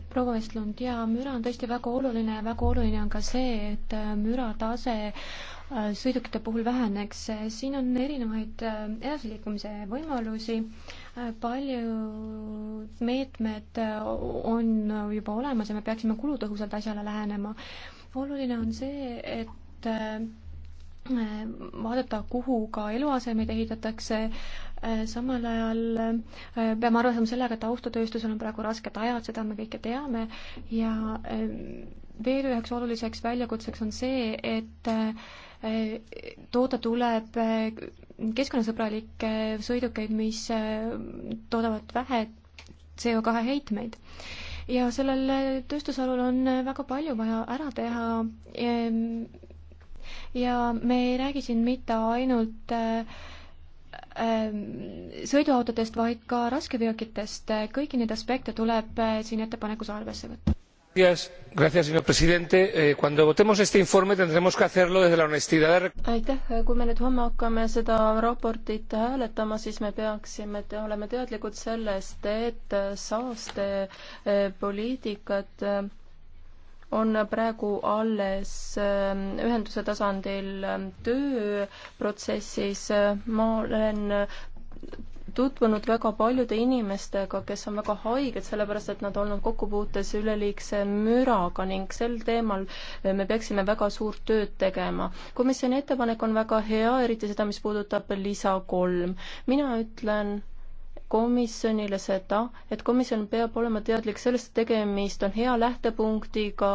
proua Vestlund, jaa, müra on tõesti väga oluline ja väga oluline on ka see, et äh, müratase sõidukite puhul väheneks. siin on erinevaid äh, edasiliikumise võimalusi, äh, paljud meetmed äh, on juba olemas ja me peaksime kulutõhusalt asjale lähenema. oluline on see, et vaadata, kuhu ka eluasemeid ehitatakse, samal ajal peame arvestama sellega, et autotööstusel on praegu rasked ajad, seda me kõike teame, ja veel üheks oluliseks väljakutseks on see, et toota tuleb keskkonnasõbralikke sõidukeid, mis äh, toodavad vähe CO2 heitmeid. ja sellel tööstusharul on väga palju vaja ära teha ehm, ja me ei räägi siin mitte ainult äh, ehm, sõiduautodest, vaid ka raskeveokitest, kõiki neid aspekte tuleb äh, siin ettepanekus arvesse võtta señor presidente eh, cuando votemos este informe tendremos que hacerlo desde la honestidad. aitäh kui me nüüd homme hakkame seda raportit hääletama siis me peaksime te olema teadlikud sellest et saastepoliitikat eh, eh, on praegu alles ühenduse tasandil tööprotsessis ma olen tutvunud väga paljude inimestega, kes on väga haiged, sellepärast et nad olnud kokkupuutes üleliigse müraga ning sel teemal me peaksime väga suurt tööd tegema. komisjoni ettepanek on väga hea, eriti seda, mis puudutab lisa kolm. mina ütlen komisjonile seda, et komisjon peab olema teadlik sellest, et tegemist on hea lähtepunktiga,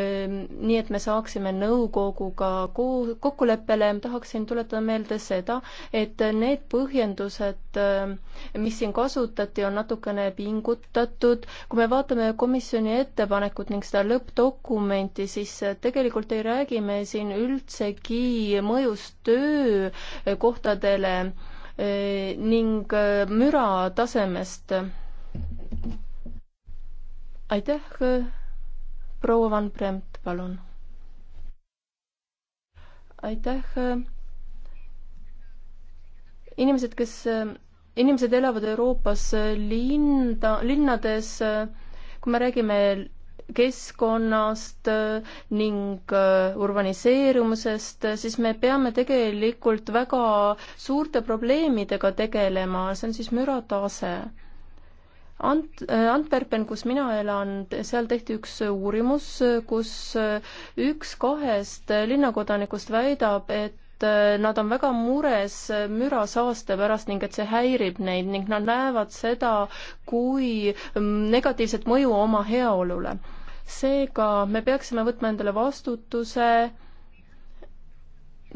ehm, nii et me saaksime nõukoguga kokkuleppele, tahaksin tuletada meelde seda, et need põhjendused, ehm, mis siin kasutati, on natukene pingutatud, kui me vaatame komisjoni ettepanekut ning seda lõppdokumenti, siis tegelikult ei räägi me siin üldsegi mõjust töökohtadele, Äh, ning äh, müra tasemest. aitäh, äh, proua Van Bremt, palun. aitäh. inimesed, kes, inimesed elavad Euroopas linda, linnades, kui me räägime keskkonnast äh, ning äh, urbaniseerumisest, äh, siis me peame tegelikult väga suurte probleemidega tegelema, see on siis müratase. Ant-, Antwerpen, kus mina elan, seal tehti üks uurimus, kus üks kahest linnakodanikust väidab, et et äh, nad on väga mures äh, mürasaaste pärast ning et see häirib neid ning nad näevad seda kui mm, negatiivset mõju oma heaolule. seega me peaksime võtma endale vastutuse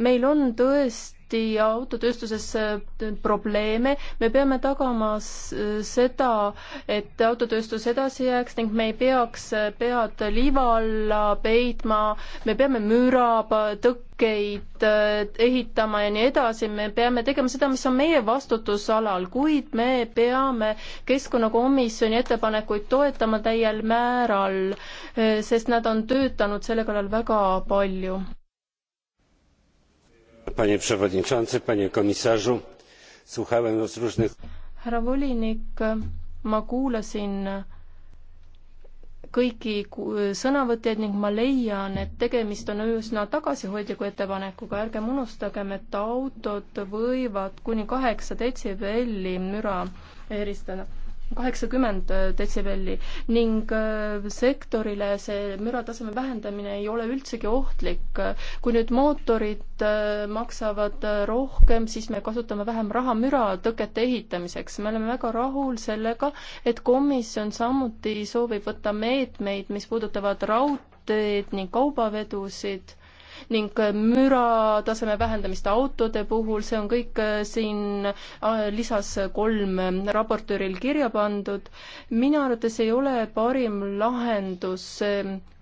meil on tõesti samuti autotööstuses äh, probleeme, me peame tagama seda, et autotööstus edasi jääks ning me ei peaks äh, pead liiva alla peitma, me peame müra, tõkkeid äh, ehitama ja nii edasi, me peame tegema seda, mis on meie vastutusalal, kuid me peame keskkonnakomisjoni ettepanekuid toetama täiel määral, sest nad on töötanud selle kallal väga palju panie przewodniczący panie komisarzu! słuchałem różnych. härra volinik ma kuulasin kõiki sõnavõtjaid ning ma leian, et tegemist on üsna tagasihoidliku ettepanekuga, ärgem unustagem, et autod võivad kuni kaheksa detsibelli müra eristada kaheksakümmend äh, detsibelli ning äh, sektorile see mürataseme vähendamine ei ole üldsegi ohtlik. kui nüüd mootorid äh, maksavad rohkem, siis me kasutame vähem raha müratõkete ehitamiseks. me oleme väga rahul sellega, et komisjon samuti soovib võtta meetmeid, mis puudutavad raudteed ning kaubavedusid ning äh, mürataseme vähendamist autode puhul, see on kõik äh, siin äh, lisas kolm raportööril kirja pandud. minu arvates ei ole parim lahendus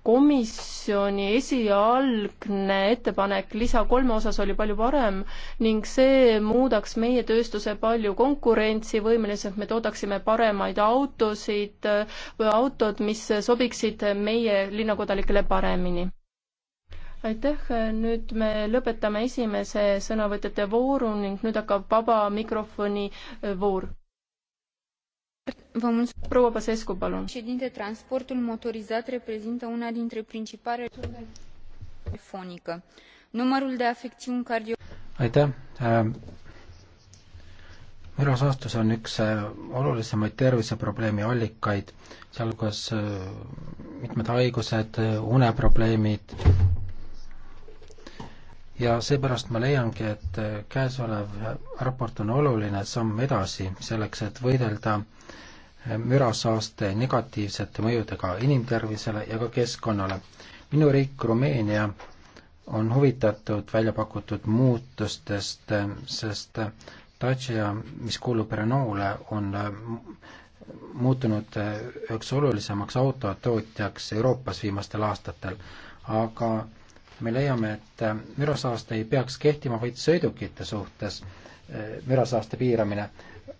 komisjoni esialgne ettepanek lisa kolme osas oli palju parem ning see muudaks meie tööstuse palju konkurentsivõimelisemaks, me toodaksime paremaid autosid, autod, mis sobiksid meie linnakodanikele paremini aitäh, nüüd me lõpetame esimese sõnavõtjate vooru ning nüüd hakkab vaba mikrofoni äh, voor. proua Pasescu, palun. transportul motorizat reprezintă una dintre principale telefonică. numărul de afecțiuni cardio-. aitäh äh,. mürasaastus on üks äh, olulisemaid terviseprobleemi allikaid, sealhulgas äh, mitmed haigused, äh, uneprobleemid, ja seepärast ma leiangi, et äh, käesolev äh, raport on oluline samm edasi selleks, et võidelda äh, mürasaaste negatiivsete mõjudega inimtervisele ja ka keskkonnale. minu riik Rumeenia on huvitatud välja pakutud muutustest, sest Dacia, mis kuulub Renault'le, on muutunud üheks olulisemaks autotootjaks Euroopas viimastel aastatel, aga me leiame, et äh, mürasaaste ei peaks kehtima vaid sõidukite suhtes, äh, mürasaaste piiramine,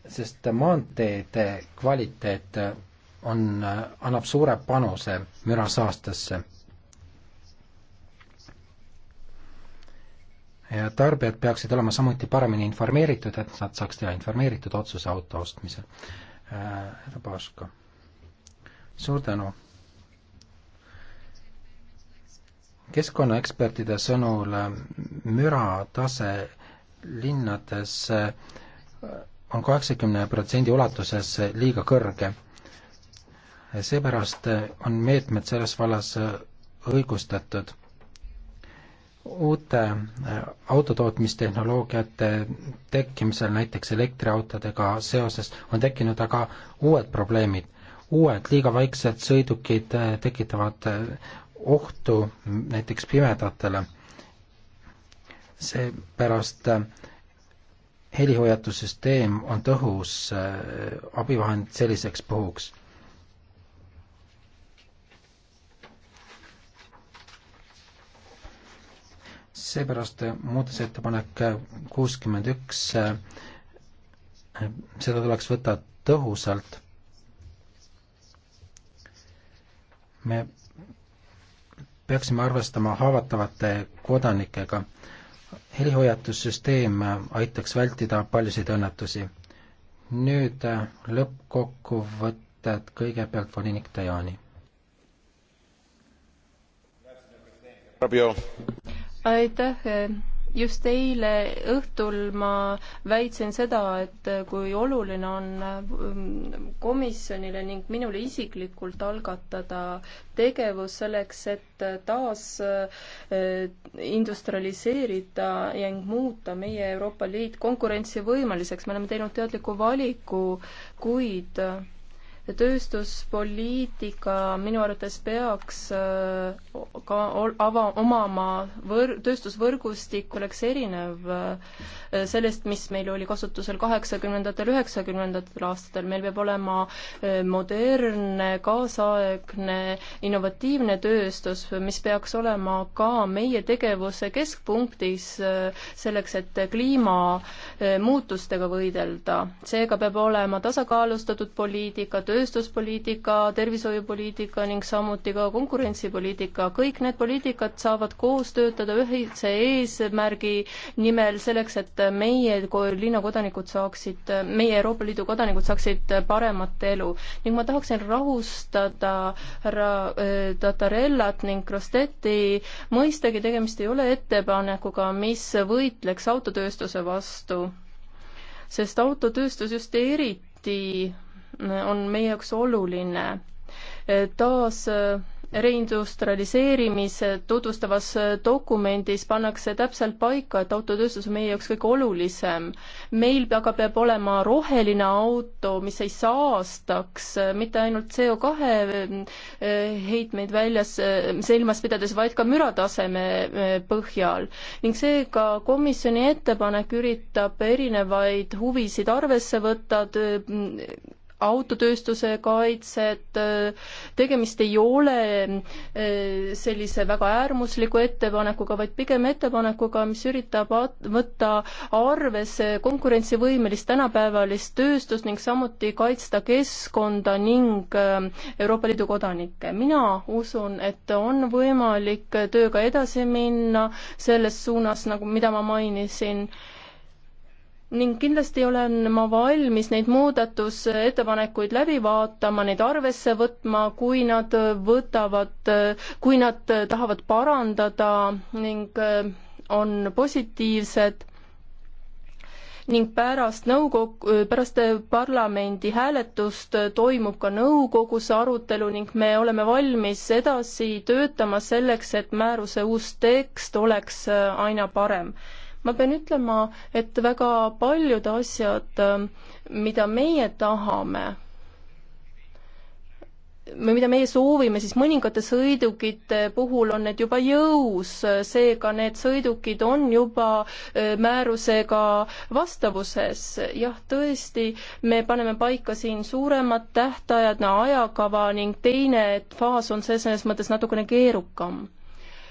sest maanteede kvaliteet äh, on, annab suure panuse mürasaastesse. ja tarbijad peaksid olema samuti paremini informeeritud, et nad saaks teha informeeritud otsuse auto ostmisel. härra Paško, suur tänu keskkonnaekspertide sõnul müratase linnades on kaheksakümne protsendi ulatuses liiga kõrge. seepärast on meetmed selles vallas õigustatud. uute autotootmistehnoloogiate tekkimisel, näiteks elektriautodega seoses, on tekkinud aga uued probleemid. uued liiga väiksed sõidukid tekitavad ohtu näiteks pimedatele. seepärast äh, helihoiatussüsteem on tõhus äh, abivahend selliseks puhuks. seepärast äh, muudatusettepanek kuuskümmend üks, seda tuleks võtta tõhusalt. me peaksime arvestama haavatavate kodanikega. helihoiatussüsteem aitaks vältida paljusid õnnetusi. nüüd äh, lõppkokkuvõtted kõigepealt volinik Tajani. aitäh äh, just eile õhtul ma väitsin seda, et kui oluline on ähm, komisjonile ning minule isiklikult algatada tegevus selleks, et taas äh, industrialiseerida ja muuta meie Euroopa Liit konkurentsivõimeliseks. me oleme teinud teadliku valiku, kuid tööstuspoliitika minu arvates peaks äh, ka ava, omama võr-, tööstusvõrgustik oleks erinev äh, sellest, mis meil oli kasutusel kaheksakümnendatel, üheksakümnendatel aastatel. meil peab olema äh, modernne, kaasaegne, innovatiivne tööstus, mis peaks olema ka meie tegevuse keskpunktis selleks, et kliimamuutustega võidelda. seega peab olema tasakaalustatud poliitika, tööstuspoliitika, tervishoiupoliitika ning samuti ka konkurentsipoliitika. kõik need poliitikad saavad koos töötada ühise eesmärgi nimel selleks, et meie linnakodanikud saaksid, meie Euroopa Liidu kodanikud saaksid paremat elu. ning ma tahaksin rahustada härra äh, Tatarellat ning Crostetti, mõistagi tegemist ei ole ettepanekuga, mis võitleks autotööstuse vastu sest autotööstus just eriti on meie jaoks oluline. taas äh, reindustrialiseerimise tutvustavas äh, dokumendis pannakse täpselt paika, et autotööstus on meie jaoks kõige olulisem. meil aga peab olema roheline auto, mis ei saastaks äh, mitte ainult CO kahe heitmeid väljas silmas pidades, vaid ka mürataseme põhjal. ning seega komisjoni ettepanek üritab erinevaid huvisid arvesse võtta, autotööstuse kaitset, tegemist ei ole eh, sellise väga äärmusliku ettepanekuga, vaid pigem ettepanekuga, mis üritab võtta arvesse konkurentsivõimelist tänapäevalist tööstust ning samuti kaitsta keskkonda ning eh, Euroopa Liidu kodanikke. mina usun, et on võimalik tööga edasi minna selles suunas, nagu, mida ma mainisin, ning kindlasti olen ma valmis neid muudatusettepanekuid läbi vaatama, neid arvesse võtma, kui nad võtavad, kui nad tahavad parandada ning äh, on positiivsed ning pärast nõukogu, äh, pärast parlamendi hääletust toimub ka nõukogus arutelu ning me oleme valmis edasi töötama selleks, et määruse uus tekst oleks äh, aina parem ma pean ütlema, et väga paljud asjad, mida meie tahame, või mida meie soovime, siis mõningate sõidukite puhul on need juba jõus, seega need sõidukid on juba äh, määrusega vastavuses. jah, tõesti, me paneme paika siin suuremad tähtajad, ajakava ning teine faas on selles mõttes natukene keerukam.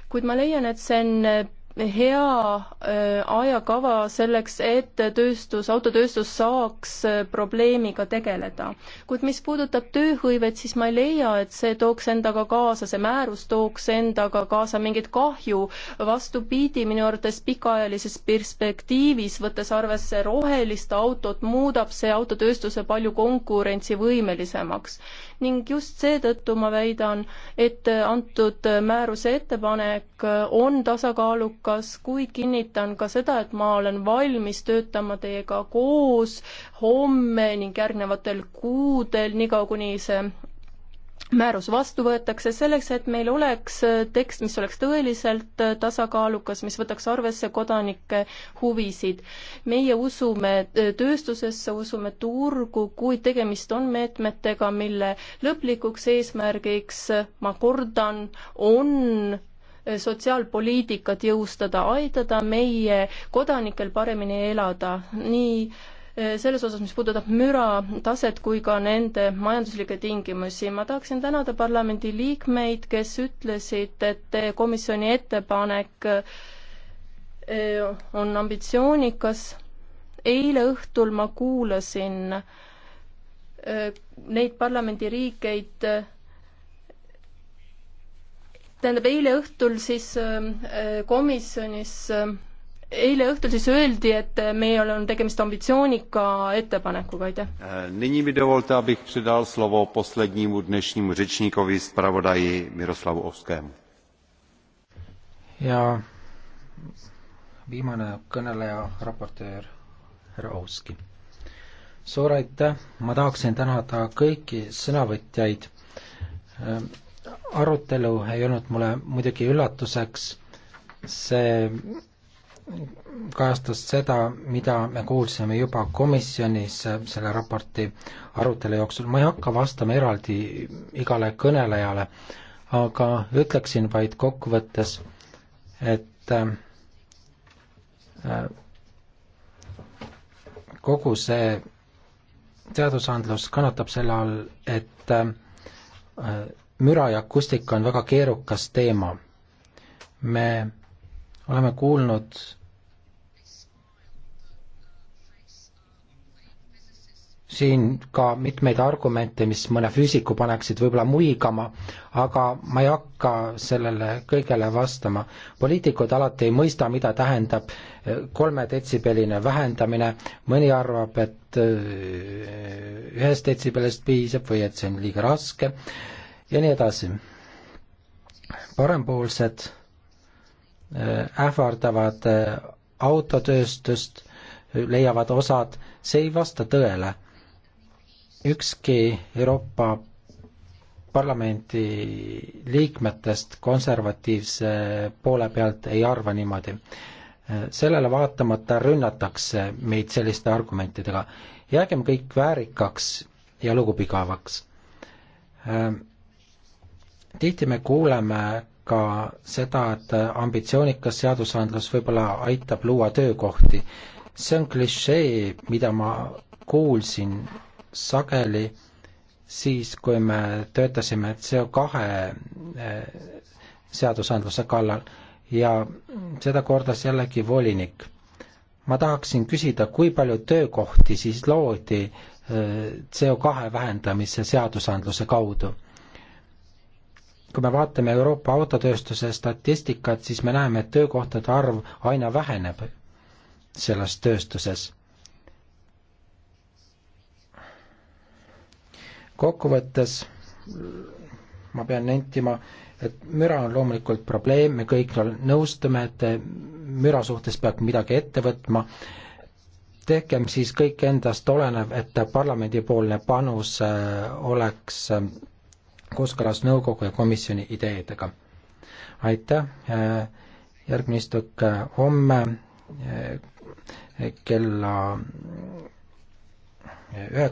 kuid ma leian, et see on hea äh, ajakava selleks, et tööstus, autotööstus saaks äh, probleemiga tegeleda. kuid mis puudutab tööhõivet, siis ma ei leia, et see tooks endaga kaasa, see määrus tooks endaga kaasa mingit kahju. vastupidi, minu arvates pikaajalises perspektiivis, võttes arvesse rohelist autot, muudab see autotööstuse palju konkurentsivõimelisemaks ning just seetõttu ma väidan, et antud määruse ettepanek on tasakaalukas, kuid kinnitan ka seda, et ma olen valmis töötama teiega koos homme ning järgnevatel kuudel, niikaua kuni see määrus vastu võetakse selleks, et meil oleks tekst, mis oleks tõeliselt tasakaalukas, mis võtaks arvesse kodanike huvisid. meie usume tööstusesse, usume turgu, kuid tegemist on meetmetega, mille lõplikuks eesmärgiks, ma kordan, on sotsiaalpoliitikat jõustada, aidada meie kodanikel paremini elada, nii Äh, selles osas, mis puudutab müra taset kui ka nende majanduslikke tingimusi. ma tahaksin tänada parlamendi liikmeid, kes ütlesid, et komisjoni ettepanek äh, on ambitsioonikas. eile õhtul ma kuulasin äh, neid parlamendiriikeid, tähendab, eile õhtul siis komisjonis eile õhtul siis öeldi, et meil on tegemist ambitsioonika ettepanekuga, aitäh. Eh, nyní mi dovolte, abych předal slovo poslednímu dnešnímu řečníkovi, zpravodaji Miroslavu Ovskému. ja viimane kõneleja, raportöör härra Ovski. suur aitäh, ma tahaksin tänada kõiki sõnavõtjaid. Eh, arutelu ei olnud mulle muidugi üllatuseks, see kajastas seda, mida me kuulsime juba komisjonis selle raporti arutelu jooksul, ma ei hakka vastama eraldi igale kõnelejale, aga ütleksin vaid kokkuvõttes, et äh, kogu see teadusandlus kannatab selle all, et äh, müra ja akustika on väga keerukas teema. me oleme kuulnud siin ka mitmeid argumente, mis mõne füüsiku paneksid võib-olla muigama, aga ma ei hakka sellele kõigele vastama. poliitikud alati ei mõista, mida tähendab eh, kolme detsibelline vähendamine, mõni arvab, et eh, ühest detsibellist piisab või et see on liiga raske ja nii edasi. parempoolsed Äh, ähvardavad äh, autotööstust, leiavad osad, see ei vasta tõele. ükski Euroopa Parlamendi liikmetest konservatiivse poole pealt ei arva niimoodi. Äh, sellele vaatamata rünnatakse meid selliste argumentidega. jäägem kõik väärikaks ja lugupigavaks. tihti me kuuleme ka seda, et ambitsioonikas seadusandlus võib-olla aitab luua töökohti. see on klišee, mida ma kuulsin sageli siis, kui me töötasime CO2 eh, seadusandluse kallal ja seda kordas jällegi volinik. ma tahaksin küsida, kui palju töökohti siis loodi eh, CO2 vähendamise seadusandluse kaudu? kui me vaatame Euroopa autotööstuse statistikat, siis me näeme, et töökohtade arv aina väheneb selles tööstuses. kokkuvõttes ma pean nentima, et müra on loomulikult probleem, me kõik nõustume, et müra suhtes peab midagi ette võtma, tehkem siis kõik endast olenev, et parlamendipoolne panus oleks kooskõlas nõukogu ja komisjoni ideedega. aitäh, järgmine istung homme eh, kella eh, üheksa